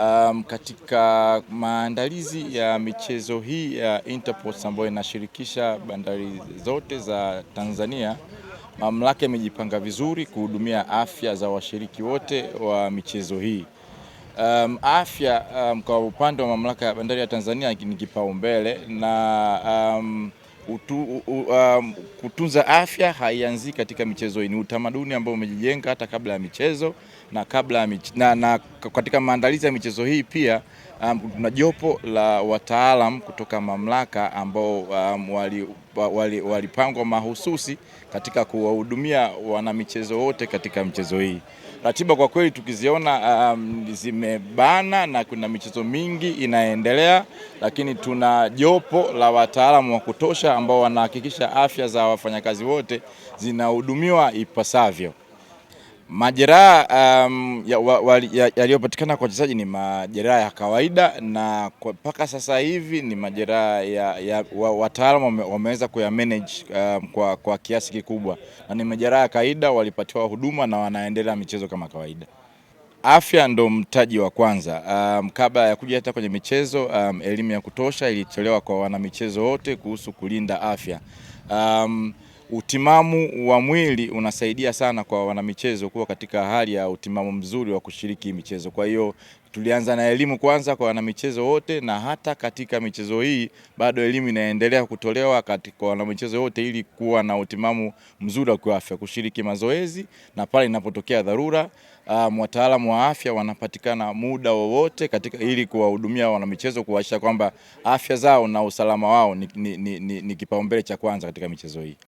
Um, katika maandalizi ya michezo hii ya Interport ambayo inashirikisha bandari zote za Tanzania, mamlaka imejipanga vizuri kuhudumia afya za washiriki wote wa michezo hii. Um, afya um, kwa upande wa mamlaka ya bandari ya Tanzania ni kipaumbele na um, utu, um, kutunza afya haianzii katika michezo hii, ni utamaduni ambao umejijenga hata kabla ya michezo na kabla ya na, na katika maandalizi ya michezo hii pia um, kuna um, jopo la wataalam kutoka mamlaka ambao um, walipangwa wali, wali mahususi katika kuwahudumia wanamichezo wote katika mchezo hii. Ratiba kwa kweli tukiziona um, zimebana na kuna michezo mingi inaendelea, lakini tuna jopo la wataalamu wa kutosha ambao wanahakikisha afya za wafanyakazi wote zinahudumiwa ipasavyo. Majeraha um, yaliyopatikana ya, ya, kwa wachezaji ni majeraha ya kawaida na mpaka sasa hivi ni majeraha ya, ya wataalamu wameweza kuyamanage um, kwa, kwa kiasi kikubwa, na ni majeraha ya kawaida, walipatiwa huduma na wanaendelea michezo kama kawaida. Afya ndo mtaji wa kwanza. Um, kabla ya kuja hata kwenye michezo um, elimu ya kutosha ilitolewa kwa wanamichezo wote kuhusu kulinda afya um, utimamu wa mwili unasaidia sana kwa wanamichezo kuwa katika hali ya utimamu mzuri wa kushiriki michezo. Kwa hiyo tulianza na elimu kwanza kwa wanamichezo wote, na hata katika michezo hii bado elimu inaendelea kutolewa kwa wanamichezo wote ili kuwa na utimamu mzuri wa kiafya, kushiriki mazoezi, na pale inapotokea dharura um, wataalamu wa afya wanapatikana muda wowote katika ili kuwahudumia wanamichezo, kuhakikisha kwamba afya zao na usalama wao ni, ni, ni, ni, ni kipaumbele cha kwanza katika michezo hii.